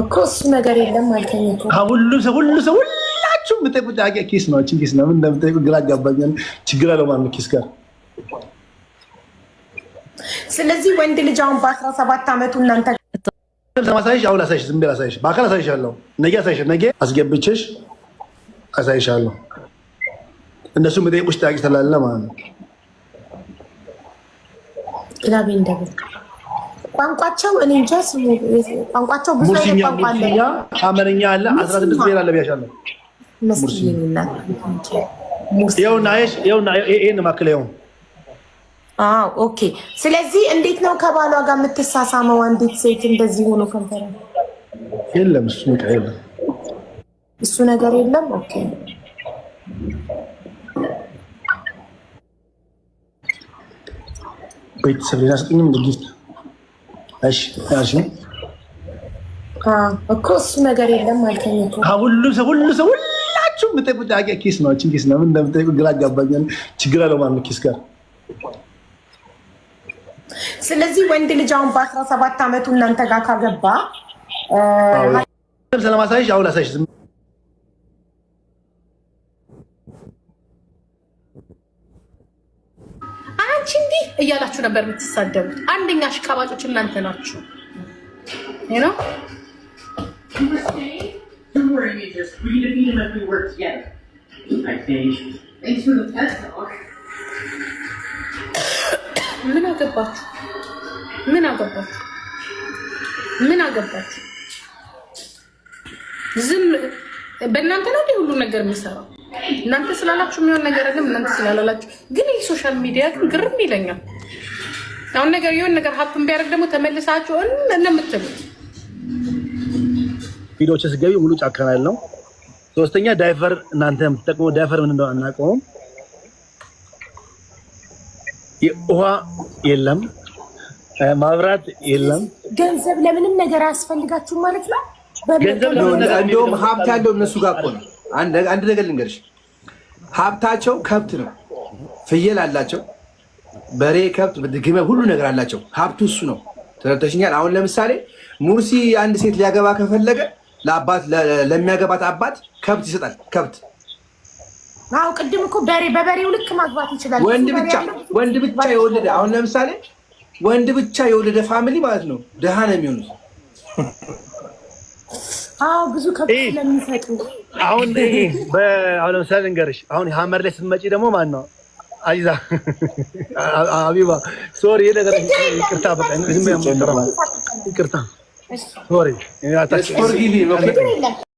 እኮ እሱ ነገር የለም አልተኝቶ ሁሉ ሰው ሁሉ ሰው ሁላችሁም የምጠይቁት ኪስ ነው። ኪስ ነው ምን እንደምጠይቁ ግራ አጋባኛል። ችግር አለው ማነው ኪስ ጋር። ስለዚህ ወንድ ልጅ አሁን በአስራ ሰባት አመቱ እናንተ ማሳይሽ አሁን አሳይሽ ዝም ብለህ አሳይሽ በአካል አሳይሻለሁ። ነገ አሳይሽ ነገ አስገብቼሽ አሳይሻለሁ። እነሱ የምጠይቁሽ ጥያቄ ስላለ ማለት ነው። ቋንቋቸው እኔ እንጃ ስሙ ቋንቋቸው ብዙ አይነት ቋንቋ አለ። አለ፣ አስራ ስድስት ብሔር አለ ብያሻለሁ። ኦኬ። ስለዚህ እንዴት ነው ከባሏ ጋር የምትሳሳመው? አንዲት ሴት እንደዚህ ሆኖ ከንፈረ የለም እሱ የለም እሱ ነገር የለም። ኦኬ ቤተሰብ ሌላ ስጥኝም ድርጊት እኮ እሱ ነገር የለም አልከኝ። ሁሉ ሰው ሁሉ ሰው ሁላችሁም የምጠይቁት ኬስ ነው። አንቺን ኬስ ነው ምን እንደምጠይቁት ግራ አጋባኛል። ችግር አለው ማለት ኬስ ጋር ስለዚህ ወንድ ልጅ አሁን በአስራ ሰባት ዓመቱ እናንተ ጋር ካገባ ስለማሳይሽ አሁን አሳይሽ አንቺ እንዲህ እያላችሁ ነበር የምትሳደቡት። አንደኛ አሽቃባጮች እናንተ ናችሁ ነው። ምን አገባችሁ? ምን አገባችሁ? ምን አገባችሁ? ዝም በእናንተ ነው ሁሉ ነገር የሚሰራው። እናንተ ስላላችሁ የሚሆን ነገር የለም። እናንተ ስላላላችሁ ግን ይህ ሶሻል ሚዲያ ግን ግርም ይለኛል። አሁን ነገር የሆን ነገር ሀፕን ቢያደርግ ደግሞ ተመልሳችሁ እንደምትሉት ቪዲዮች ስገቢ ሙሉ ጫካናል ነው። ሶስተኛ ዳይቨር እናንተ የምትጠቅመው ዳይቨር ምን እንደሆነ አናውቀውም። ውሃ የለም፣ ማብራት የለም። ገንዘብ ለምንም ነገር አያስፈልጋችሁም ማለት ነው። ገንዘብ ለምንም ነገር እንደውም ሀብት ያለው እነሱ ጋር እኮ ነው አንድ ነገር ልንገርሽ፣ ሀብታቸው ከብት ነው። ፍየል አላቸው፣ በሬ፣ ከብት፣ ግመ ሁሉ ነገር አላቸው። ሀብቱ እሱ ነው። ተረተሽኛል። አሁን ለምሳሌ ሙርሲ አንድ ሴት ሊያገባ ከፈለገ ለአባት ለሚያገባት አባት ከብት ይሰጣል። ከብት አዎ፣ ቅድም እኮ በሬ በበሬው ልክ ማግባት ይችላል። ወንድ ብቻ ወንድ ብቻ የወለደ አሁን ለምሳሌ ወንድ ብቻ የወለደ ፋሚሊ ማለት ነው ድሃ ነው የሚሆኑት። አዎ ብዙ ከብት ለሚሰጡ አሁን አሁን ለምሳሌ ልንገርሽ፣ አሁን ሀመር ላይ ስትመጪ ደግሞ ማን ነው አይዛ አቢባ፣ ሶሪ ነገር ይቅርታ፣ በቃ ይቅርታ፣ ሶሪ